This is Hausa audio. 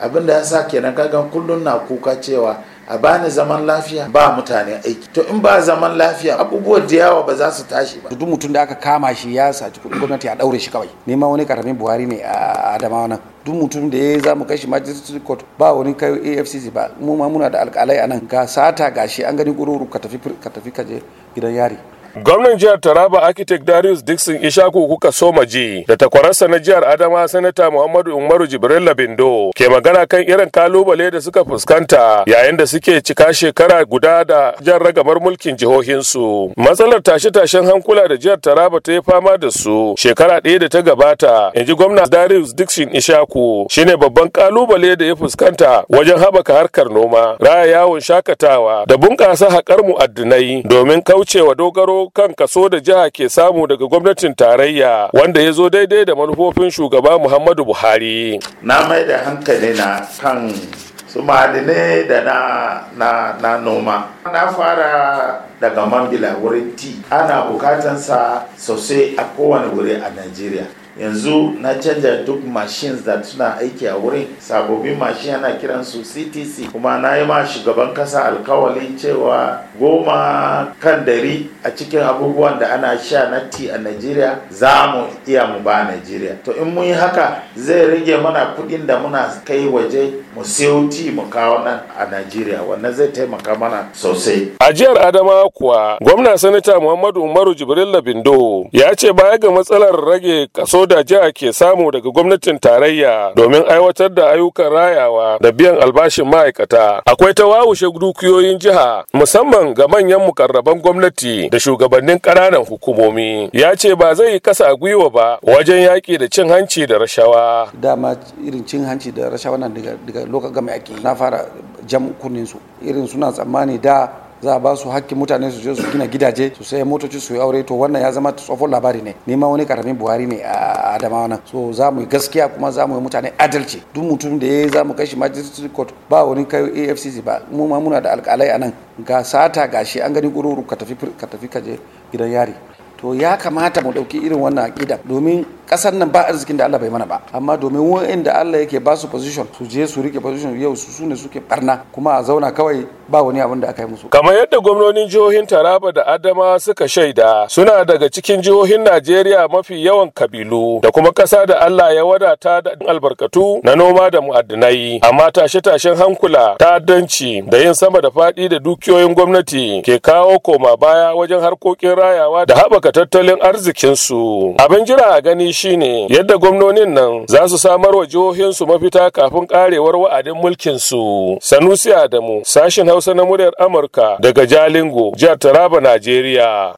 abin da ya sa kenan kagan kullum na kuka cewa a bani zaman lafiya ba mutane aiki to in ba zaman lafiya abubuwan da yawa ba za su tashi ba duk mutum da aka kama shi ya saci kudin gwamnati a daure shi kawai nema wani karamin buhari ne a adamawa nan duk mutum da ya zamu kai shi magistrate court ba wani kai afcc ba mu ma muna da alƙalai a nan ga sata gashi an gani gururu ka tafi ka je gidan yari Gwamnan jihar Taraba Architect Darius Dixon Ishaku kuka ji. da takwararsa na jihar Adama Sanata Muhammadu Umaru Jibril Labindo ke magana kan irin kalubale da suka fuskanta yayin da suke cika shekara guda da jihar ragamar mulkin jihohinsu. Matsalar tashe-tashen hankula da jihar Taraba ta yi fama da su shekara ɗaya da ta gabata, in ji gwamna Darius Dixon Ishaku shine babban kalubale da ya fuskanta wajen haɓaka harkar noma, raya yawon shakatawa da bunƙasa haƙar mu'addinai domin kaucewa dogaro kan kaso da jiha ke samu daga gwamnatin tarayya wanda ya zo daidai da manufofin shugaba Muhammadu Buhari. Na mai da hankali na kan su ne da na, na, na noma. Na fara daga mambila wurin ti ana bukatansa sosai a kowane wuri a Najeriya. yanzu na canja duk machines da suna aiki a wurin sababbin mashin kiran su ctc kuma na yi ma shugaban kasa alkawali cewa goma kan dari a cikin abubuwan da ana sha na ti a nigeria za mu iya mu ba nigeria to in mun yi haka zai rage mana kudin da muna kai waje mu siyo ti mu kawo nan a nigeria wannan zai taimaka mana sosai a jihar adama kuwa gwamna sanata muhammadu umaru jibril labindo ya ce baya ga matsalar rage kaso kaso ake ke samu daga gwamnatin tarayya domin aiwatar da ayyukan rayawa da biyan albashin ma'aikata akwai ta dukiyoyin jiha musamman ga manyan mukarraban gwamnati da shugabannin ƙananan hukumomi ya ce ba zai kasa gwiwa ba wajen yaƙi da cin hanci da rashawa dama irin cin hanci da rashawa nan daga lokacin game na fara jam kunninsu irin suna tsammani da za a ba su hakkin mutane su je su gina gidaje su sai motoci su yi aure to wannan ya zama tsofaffin labari ne ni ma wani karamin buhari ne a adama nan so za mu yi gaskiya kuma za mu yi mutane adalci duk mutum da ya za mu kai shi majalisar court ba wani kai afcc ba mu ma muna da alkalai anan ga sata gashi an gani kururu ka tafi ka je gidan yari to ya kamata mu ɗauki irin wannan aƙida domin kasar nan ba arzikin da Allah bai mana ba amma domin da Allah yake ba su position su je su rike position yau su sune suke barna kuma a zauna kawai ba wani abin da aka yi musu kamar yadda gwamnonin jihohin Taraba da Adama suka shaida suna daga cikin jihohin Najeriya mafi yawan kabilu da kuma kasa da Allah ya wadata da albarkatu na noma da mu'addinai amma tashe-tashen hankula ta'addanci da yin sama da faɗi da dukiyoyin gwamnati ke kawo koma baya wajen harkokin rayawa da haɓaka tattalin arzikinsu abin jira a gani shine yadda gwamnonin nan za su samar wa jihohinsu mafita kafin karewar wa'adin mulkinsu. Sanusi Adamu, sashen Hausa na muryar Amurka daga Jalingo, jihar Taraba, Najeriya.